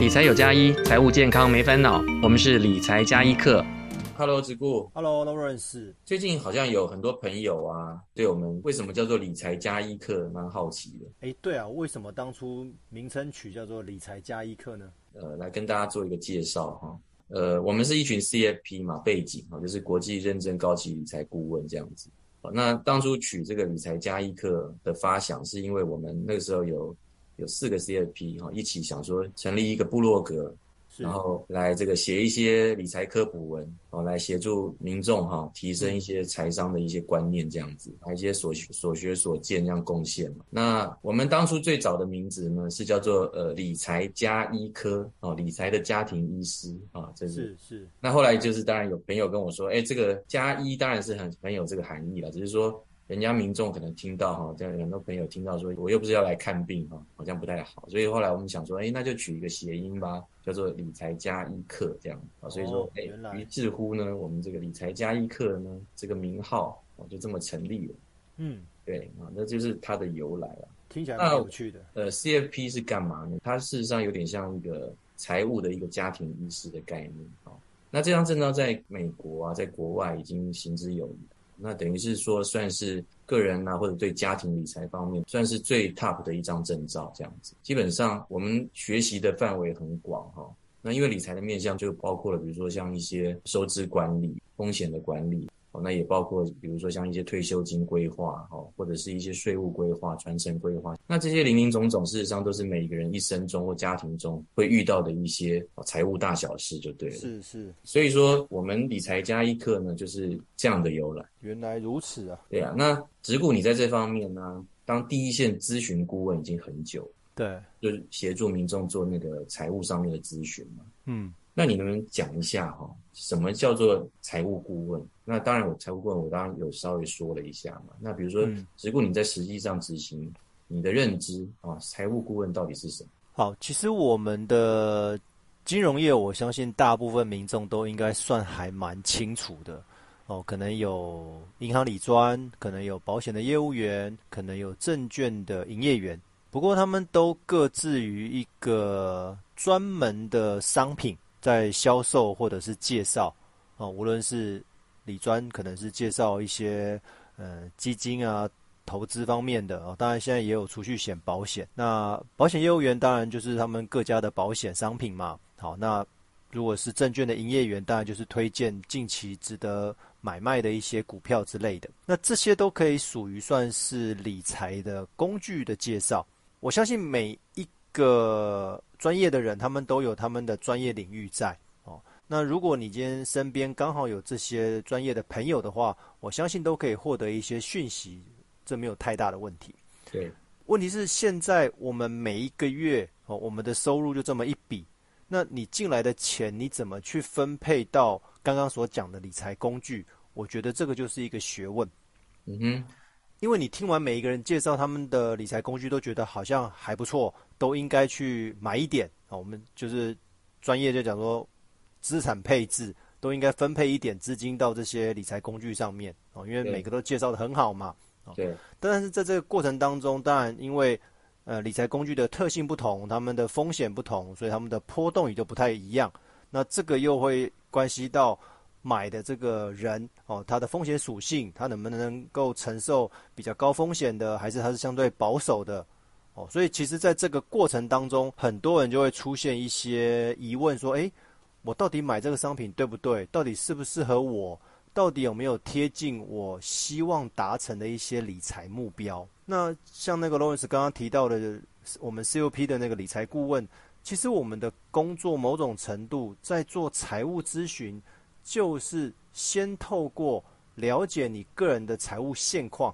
理財有加一，財務健康沒煩惱。我們是理財加一課。Hello，子固。Hello，老院士。最近好像有很多朋友啊，對我們為什麼叫做理財加一課蠻好奇的。哎、欸，對啊，為什麼當初名稱取叫做理財加一課呢？呃，來跟大家做一個介紹哈。呃，我們是一群 CFP 嘛，背景哈，就是國際認證高級理財顧問這樣子。那當初取這個理財加一課的發想，是因為我們那個時候有，有四個 CFP 哈，一起想說成立一個部落格，是然後來這個寫一些理財科普文，哦，來協助民眾哈，提升一些財商的一些觀念，這樣子，是來一些所學所學所見這樣貢獻嘛。那我們當初最早的名字呢，是叫做呃理財家醫科，哦，理財的家庭醫師啊，這是是，是。那後來就是當然有朋友跟我說，哎，這個家醫當然是很很有這個含義了，只是說。人家民眾可能聽到哈，這樣很多朋友聽到說，我又不是要來看病哈，好像不太好，所以後來我們想說，誒、欸、那就取一個諧音吧，叫做理財加一課這樣啊，所以說，誒、欸、於、哦、是乎呢，我們這個理財加一課呢，這個名號就這麼成立了。嗯，對啊，那就是它的由來了，啊。聽起來蠻有趣的。呃，CFP 是幹嘛呢？它事實上有點像一個財務的一個家庭醫師的概念啊。那這張證照在美國啊，在國外已經行之有年。那等於是說，算是個人吶、啊，或者對家庭理財方面，算是最 top 的一張證照這樣子。基本上我們學習的範圍很廣哈、哦。那因為理財的面向就包括了，比如說像一些收支管理、風險的管理。哦，那也包括，比如說像一些退休金規劃，哈，或者是一些稅務規劃、傳承規劃，那這些林林總總，事實上都是每一個人一生中或家庭中會遇到的一些財務大小事，就對了。是是，是所以說我們理財加一課呢，就是這樣的由來。原來如此啊。對啊，那植顧你在這方面呢、啊，當第一線諮詢顧問已經很久，對，就是協助民眾做那個財務上面的諮詢嘛。嗯，那你能不能講一下哈、喔？什麼叫做財務顧問？那當然，我財務顧問我剛剛有稍微說了一下嘛。那比如說，如果你在實際上執行、嗯、你的認知啊，財務顧問到底是什麼？好，其實我們的金融業，我相信大部分民眾都應該算還蠻清楚的哦。可能有銀行理專，可能有保險的業務員，可能有證券的營業員。不過他們都各自於一個專門的商品。在銷售或者是介紹，啊，無論是理專可能是介紹一些呃、嗯、基金啊、投資方面的，當然現在也有儲蓄險、保險。那保險業務員當然就是他們各家的保險商品嘛。好，那如果是證券的營業員，當然就是推薦近期值得買賣的一些股票之類的。那這些都可以屬於算是理財的工具的介紹。我相信每一。個專業的人，他們都有他們的專業領域在哦。那如果你今天身邊剛好有這些專業的朋友的話，我相信都可以獲得一些訊息，這沒有太大的問題。對，問題是現在我們每一個月哦，我們的收入就這麼一筆，那你進來的錢你怎麼去分配到剛剛所講的理財工具？我覺得這個就是一個學問。嗯哼，因為你聽完每一個人介紹他們的理財工具，都覺得好像還不錯。都應該去買一點啊、哦！我們就是專業就講說，資產配置都應該分配一點資金到這些理財工具上面啊、哦，因為每個都介紹得很好嘛啊、哦。對，但是在這個過程當中，當然因為呃理財工具的特性不同，他們的風險不同，所以他們的波動也就不太一樣。那這個又會關係到買的這個人哦，他的風險屬性，他能不能夠承受比較高風險的，還是他是相對保守的？所以，其實，在這個過程當中，很多人就會出現一些疑問，說：“哎，我到底買這個商品對不對？到底適不適合我？到底有沒有貼近我希望達成的一些理財目標？”那像那個 Lawrence 剛剛提到的，我們 COP 的那個理財顧問，其實我們的工作某種程度在做財務諮詢，就是先透過了解你個人的財務現況，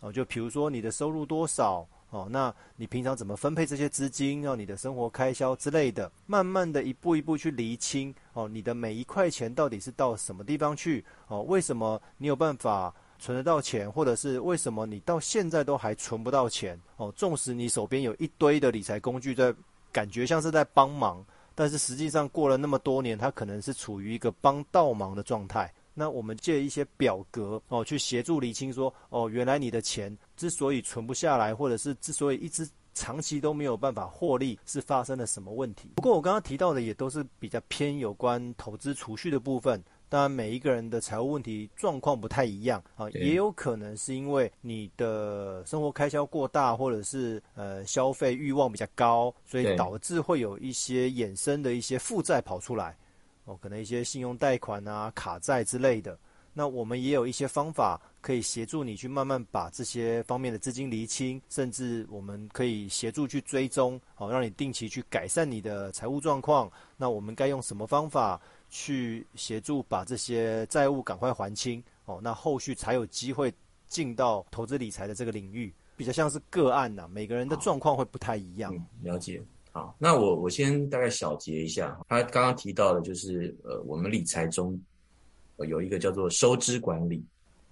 哦，就比如說你的收入多少。哦，那你平常怎麼分配這些資金？讓你的生活開銷之類的，慢慢的一步一步去釐清。哦，你的每一塊錢到底是到什麼地方去？哦，為什麼你有辦法存得到錢，或者是為什麼你到現在都還存不到錢？哦，縱使你手邊有一堆的理財工具在，感覺像是在幫忙，但是實際上過了那麼多年，它可能是處於一個幫倒忙的狀態。那我們借一些表格哦，去協助釐清說，哦，原來你的錢之所以存不下來，或者是之所以一直長期都沒有辦法獲利，是發生了什麼問題？不過我剛剛提到的也都是比較偏有關投資儲蓄的部分。當然，每一個人的財務問題狀況不太一樣啊，對也有可能是因為你的生活開銷過大，或者是呃消費慾望比較高，所以導致會有一些衍生的一些負債跑出來。哦，可能一些信用貸款啊、卡債之類的，那我們也有一些方法可以協助你去慢慢把這些方面的資金釐清，甚至我們可以協助去追蹤，哦，讓你定期去改善你的財務狀況。那我們該用什麼方法去協助把這些債務趕快還清？哦，那後續才有機會進到投資理財的這個領域。比較像是個案呢、啊，每個人的狀況會不太一樣。嗯、了解。好，那我我先大概小結一下，他剛剛提到的，就是呃，我們理財中、呃、有一個叫做收支管理，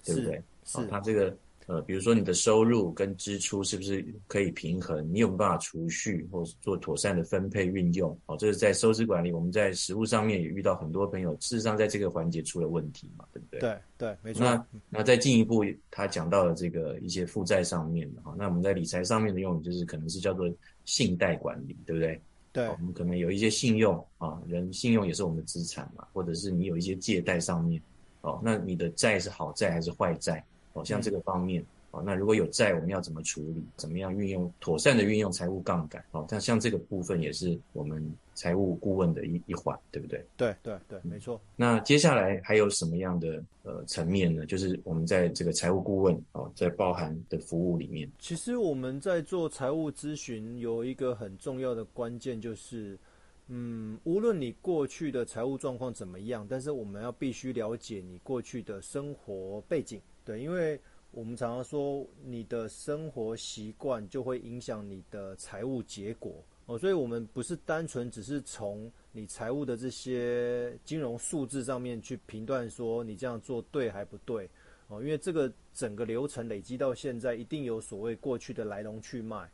是對不對？好是、哦，他這個呃，比如說你的收入跟支出是不是可以平衡？你有沒有辦法儲蓄或是做妥善的分配運用？好、哦，這是在收支管理。我們在實務上面也遇到很多朋友，事實上在這個環節出了問題嘛，對不對？對對，沒錯。那那再進一步，他講到了這個一些負債上面的哈、哦，那我們在理財上面的用語就是可能是叫做。信貸管理，對不對？對。我們、哦、可能有一些信用啊、哦，人信用也是我們的資產嘛，或者是你有一些借貸上面，哦，那你的債是好債還是壞債？哦，像這個方面。嗯。好、哦，那如果有債，我們要怎麼處理？怎麼樣運用妥善的運用財務槓桿？好、哦，那像這個部分也是我們財務顧問的一一環，對不對？對對對，沒錯、嗯。那接下來還有什麼樣的呃層面呢？就是我們在這個財務顧問哦，在包含的服務裡面，其實我們在做財務諮詢有一個很重要的關鍵就是，嗯，無論你過去的財務狀況怎麼樣，但是我們要必須了解你過去的生活背景，對，因為。我們常常說，你的生活習慣就會影響你的財務結果哦，所以我們不是單純只是從你財務的這些金融數字上面去評斷說，你這樣做對還不對哦，因為這個整個流程累積到現在，一定有所謂過去的來龍去脈。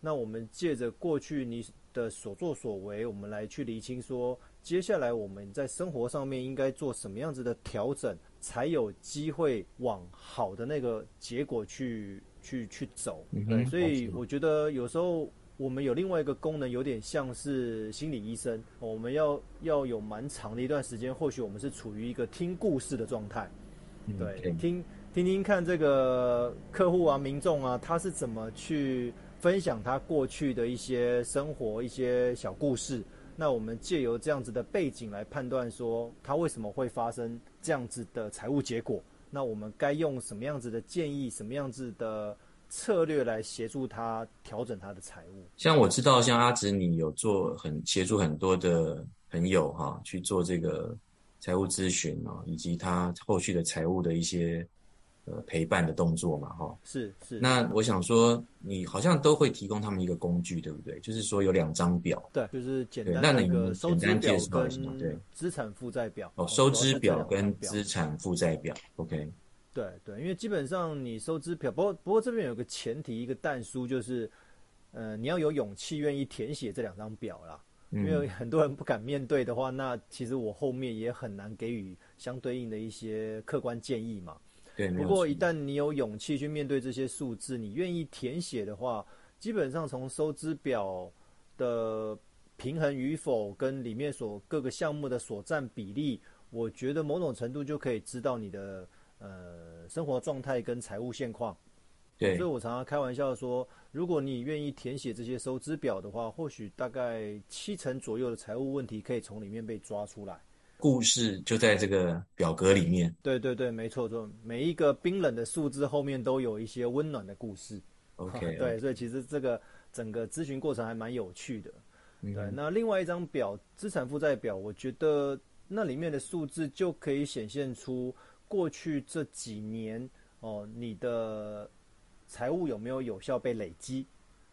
那我們借着過去你的所作所為，我們來去理清說，接下來我們在生活上面應該做什麼樣子的調整。才有機會往好的那個結果去去去走，對。所以我覺得有時候我們有另外一個功能，有點像是心理醫生。我們要要有蠻長的一段時間，或許我們是處於一個聽故事的狀態，對，Okay. 聽聽聽看這個客戶啊、民眾啊，他是怎麼去分享他過去的一些生活、一些小故事。那我們借由這樣子的背景來判斷，說他為什麼會發生。這樣子的財務結果，那我們該用什麼樣子的建議、什麼樣子的策略來協助他調整他的財務？像我知道，像阿植，你有做很協助很多的朋友哈、啊，去做這個財務諮詢哦，以及他後續的財務的一些。呃，陪伴的動作嘛，哈，是是。那我想說，你好像都會提供他們一個工具，對不對？就是說有兩張表。對，就是簡單的對那個收支表，表什麼對，資產負債表。哦，收支表跟資產負債表、哦、表對，OK。對對，因為基本上你收支表，不過不過這邊有個前提，一個但書就是，呃，你要有勇氣願意填寫這兩張表啦。嗯、因為很多人不敢面對的話，那其實我後面也很難給予相對應的一些客觀建議嘛。不過，對一旦你有勇氣去面對這些數字，你願意填寫的話，基本上從收支表的平衡與否跟裡面所各個項目的所占比例，我覺得某種程度就可以知道你的呃生活狀態跟財務現況。對，所以我常常開玩笑說，如果你願意填寫這些收支表的話，或許大概七成左右的財務問題可以從裡面被抓出來。故事就在這個表格裡面。對對對，沒錯，就每一個冰冷的數字後面都有一些溫暖的故事。OK, okay. 啊，對，所以其實這個整個諮詢過程還蠻有趣的。嗯，對，那另外一張表，資產負債表，我覺得那裡面的數字就可以顯現出過去這幾年哦，呃，你的財務有沒有有效被累積？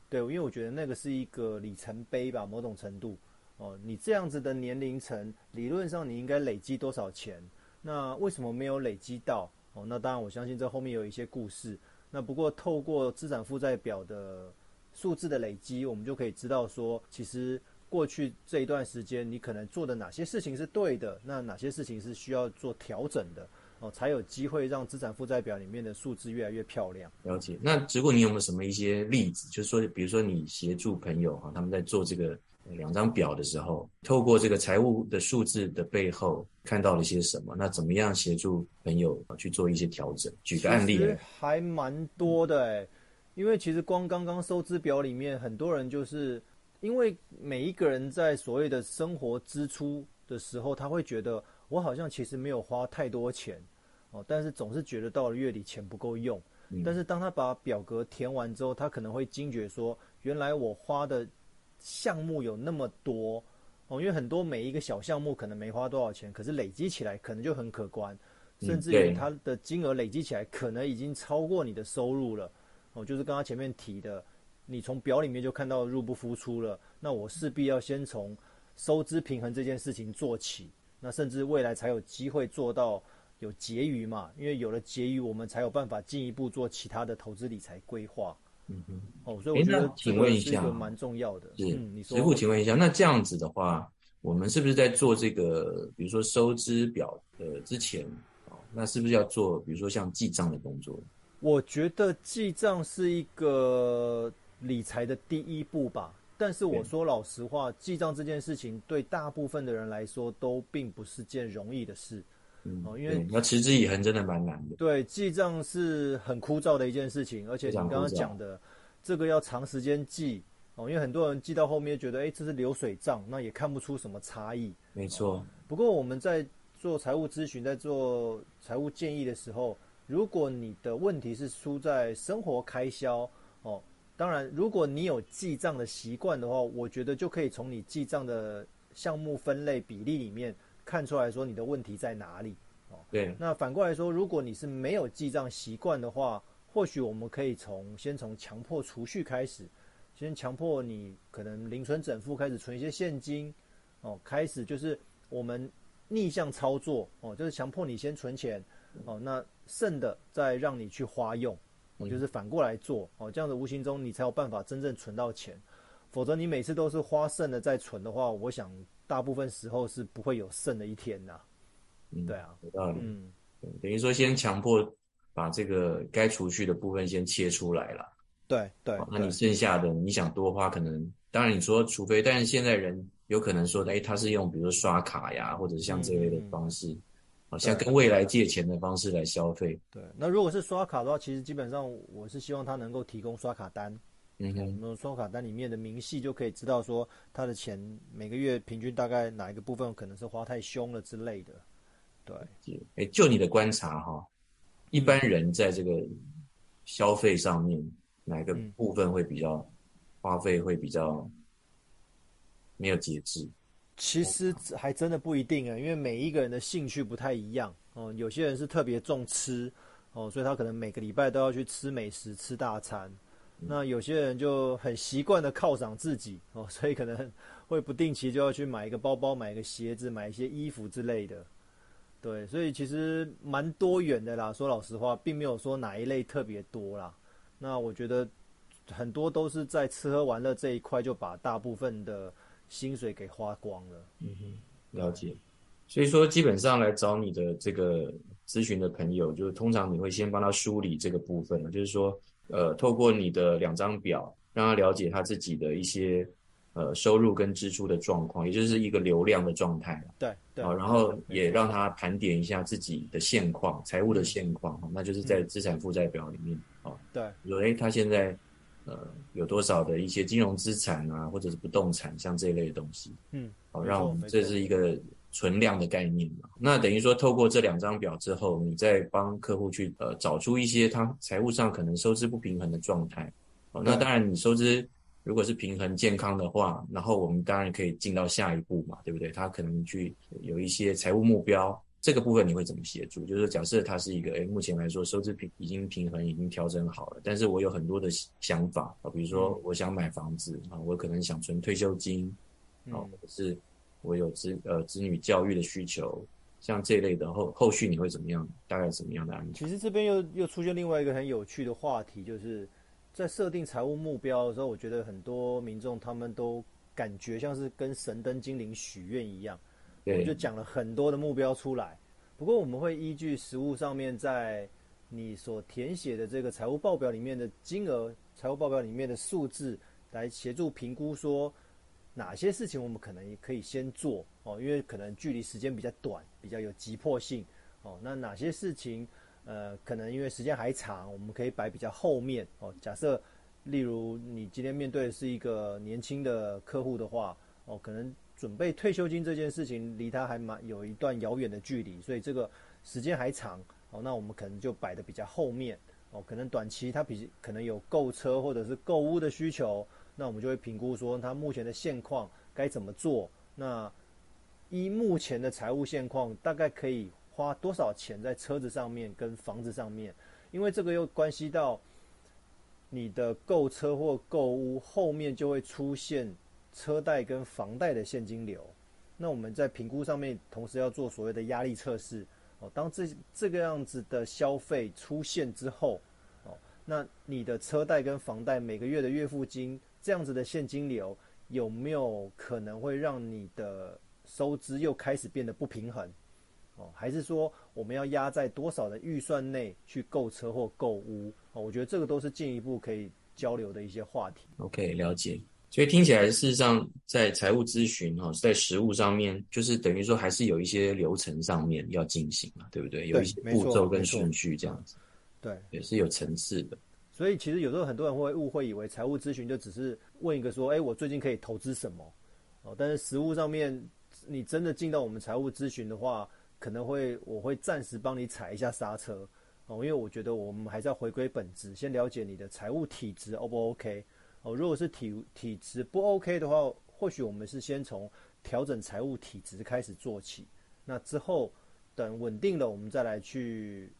對，因為我覺得那個是一個里程碑吧，某種程度。哦，你這樣子的年齡層，理論上你應該累積多少錢？那為什麼沒有累積到？哦，那當然，我相信這後面有一些故事。那不過，透過資產負債表的數字的累積，我們就可以知道說，其實過去這一段時間，你可能做的哪些事情是對的，那哪些事情是需要做調整的哦，才有機會讓資產負債表裡面的數字越來越漂亮。了解。那如果你有沒有什麼一些例子，就是說，比如說你協助朋友哈，他們在做這個。兩張表的時候，透過這個財務的數字的背後，看到了些什麼？那怎麼樣協助朋友去做一些調整？舉個案例，還蠻多的哎、欸，嗯、因為其實光剛剛收支表裡面，很多人就是因為每一個人在所謂的生活支出的時候，他會覺得我好像其實沒有花太多錢哦，但是總是覺得到了月底錢不夠用。嗯、但是當他把表格填完之後，他可能會驚覺說，原來我花的。項目有那麼多，哦，因為很多每一個小項目可能沒花多少錢，可是累積起來可能就很可觀，甚至於它的金額累積起來可能已經超過你的收入了，哦，就是剛剛前面提的，你從表裡面就看到入不敷出了，那我勢必要先從收支平衡這件事情做起，那甚至未來才有機會做到有結餘嘛，因為有了結餘，我們才有辦法進一步做其他的投資理財規劃。嗯哼，哦，所以我覺得，請問一下，蠻重要的，是，你說，所以請問一下，那這樣子的話，我們是不是在做這個，比如說收支表的之前，啊，那是不是要做，比如說像記賬的工作？我覺得記賬是一個理財的第一步吧，但是我說老實話，對記賬這件事情對大部分的人來說都並不是件容易的事。哦，嗯、因為要持之以恆，真的蠻難的。對，記賬是很枯燥的一件事情，而且你剛剛講的這個要長時間記哦，因為很多人記到後面覺得，哎、欸，這是流水賬，那也看不出什麼差異。沒錯。不過我們在做財務諮詢、在做財務建議的時候，如果你的問題是出在生活開銷哦，當然，如果你有記賬的習慣的話，我覺得就可以從你記賬的項目分類比例裡面。看出來說你的問題在哪裡。Yeah. 哦？對。那反過來說，如果你是沒有記賬習慣的話，或許我們可以從先從強迫儲蓄開始，先強迫你可能零存整付開始存一些現金，哦，開始就是我們逆向操作哦，就是強迫你先存錢哦，那剩的再讓你去花用，mm. 哦，就是反過來做哦，這樣子無形中你才有辦法真正存到錢，否則你每次都是花剩的再存的話，我想。大部分時候是不會有剩的一天的。嗯，對啊，有道理，嗯，等於說先強迫把這個該儲蓄的部分先切出來了，對對，那你剩下的你想多花，可能對當然你說除非，但是現在人有可能說，哎，他是用比如說刷卡呀，或者像這類的方式，嗯嗯、像跟未來借錢的方式來消費對對，對，那如果是刷卡的話，其實基本上我是希望他能夠提供刷卡單。嗯，那個收卡單裡面的明細就可以知道說他的錢每個月平均大概哪一個部分可能是花太凶了之類的。對，就，哎，就你的觀察哈，一般人在這個消費上面哪一個部分會比較花費會比較沒有節制？嗯，其實還真的不一定啊，欸，因為每一個人的興趣不太一樣哦，嗯，有些人是特別重吃哦，嗯，所以他可能每個禮拜都要去吃美食、吃大餐。那有些人就很習慣的犒賞自己哦，所以可能會不定期就要去買一個包包、買一個鞋子、買一些衣服之類的，對，所以其實蠻多元的啦。說老實話，並沒有說哪一類特別多啦。那我覺得很多都是在吃喝玩樂這一塊就把大部分的薪水給花光了。嗯哼，了解。所以說，基本上來找你的這個諮詢的朋友，就是通常你會先幫他梳理這個部分，就是說。呃，透過你的兩張表，讓他了解他自己的一些呃收入跟支出的狀況，也就是一個流量的狀態。對，對，啊，然後也讓他盤點一下自己的現況，沒錯。財務的現況，那就是在資產負債表裡面啊。嗯，哦，對，說哎，他現在呃有多少的一些金融資產啊，或者是不動產像這一類的東西。嗯，好，讓我們這是一個。存量的概念嘛，那等於說透過這兩張表之後，你再幫客戶去呃找出一些他財務上可能收支不平衡的狀態。哦，那當然，你收支如果是平衡健康的話，然後我們當然可以進到下一步嘛，對不對？他可能去有一些財務目標，這個部分你會怎麼協助？就是假設他是一個，誒，目前來說收支平已經平衡，已經調整好了，但是我有很多的想法啊，比如說我想買房子啊，哦，我可能想存退休金，啊，哦，或者是。我有子呃子女教育的需求，像這一類的後後續你會怎麼樣？大概什麼樣的案例？其實這邊又又出現另外一個很有趣的話題，就是在設定財務目標的時候，我覺得很多民眾他們都感覺像是跟神燈精靈許願一樣，對我們就講了很多的目標出來。不過我們會依據實務上面在你所填寫的這個財務報表裡面的金額、財務報表裡面的數字來協助評估說。哪些事情我們可能也可以先做哦？因為可能距離時間比較短，比較有急迫性哦。那哪些事情，呃，可能因為時間還長，我們可以擺比較後面哦。假設例如你今天面對的是一個年輕的客戶的話哦，可能準備退休金這件事情離他還蠻有一段遙遠的距離，所以這個時間還長哦。那我們可能就擺得比較後面哦。可能短期他比可能有購車或者是購屋的需求。那我們就會評估說，他目前的現況該怎麼做？那依目前的財務現況，大概可以花多少錢在車子上面跟房子上面？因為這個又關係到你的購車或購屋，後面就會出現車貸跟房貸的現金流。那我們在評估上面，同時要做所謂的壓力測試哦。當這這個樣子的消費出現之後哦，那你的車貸跟房貸每個月的月付金。這樣子的現金流有沒有可能會讓你的收支又開始變得不平衡？哦，還是說我們要壓在多少的預算內去購車或購屋？哦，我覺得這個都是進一步可以交流的一些話題。OK，了解。所以聽起來，事實上在財務諮詢哈，在實務上面，就是等於說還是有一些流程上面要進行嘛，對不對？對，有一些步驟跟順序這樣子，對，也是有層次的。所以其實有時候很多人會誤會，以為財務諮詢就只是問一個說，誒，我最近可以投資什麼？哦，但是實務上面，你真的進到我們財務諮詢的話，可能會我會暫時幫你踩一下剎車，哦，因為我覺得我們還是要回歸本質，先了解你的財務體質 O 不 OK？哦，如果是體體質不 OK 的話，或許我們是先從調整財務體質開始做起，那之後等穩定了，我們再來去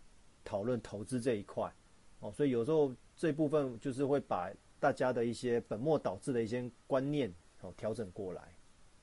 討論投資這一塊，哦，所以有時候。這部分就是會把大家的一些本末倒置的一些觀念、哦、調整過來，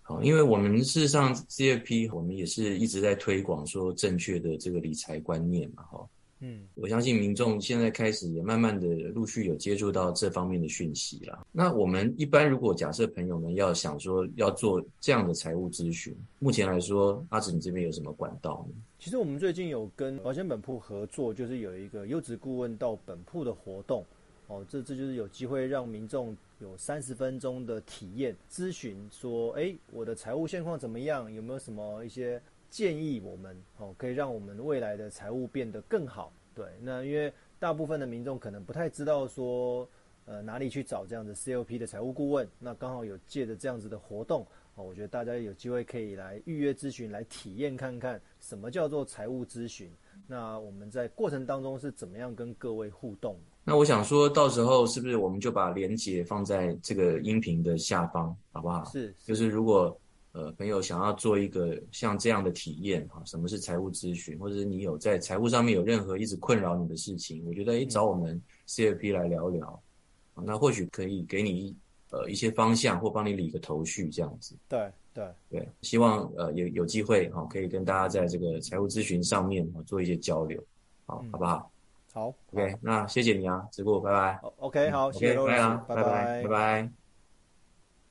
好，因為我們事實上 CFP 我們也是一直在推廣說正確的這個理財觀念嘛，哈。嗯，我相信民眾現在開始也慢慢的陸續有接觸到這方面的訊息了。那我們一般如果假設朋友們要想說要做這樣的財務諮詢，目前來說，阿紫你這邊有什麼管道呢？其實我們最近有跟保險本鋪合作，就是有一個優質顧問到本鋪的活動，哦，這這就是有機會讓民眾有三十分鐘的體驗諮詢，說，誒、欸、我的財務現況怎麼樣？有沒有什麼一些？建議我們哦，可以讓我們未來的財務變得更好。對，那因為大部分的民眾可能不太知道說，呃，哪裡去找這樣子的 COP 的財務顧問。那剛好有借着這樣子的活動，我覺得大家有機會可以來預約諮詢，來體驗看看什麼叫做財務諮詢。那我們在過程當中是怎麼樣跟各位互動？那我想說到時候是不是我們就把鏈接放在這個音頻的下方，好不好？是，是就是如果。呃，朋友想要做一個像這樣的體驗，什麼是財務諮詢，或者是你有在財務上面有任何一直困擾你的事情，我覺得哎，找我們 CFP 來聊聊、嗯啊，那或許可以給你呃一些方向，或幫你理個頭緒這樣子。對對對，希望呃有有機會哈、啊，可以跟大家在這個財務諮詢上面、啊、做一些交流，好、嗯、好不好？好，OK，好，那謝謝你啊，竣植，拜拜。哦、OK，好，嗯、謝謝好拜，拜，拜拜，拜拜。拜拜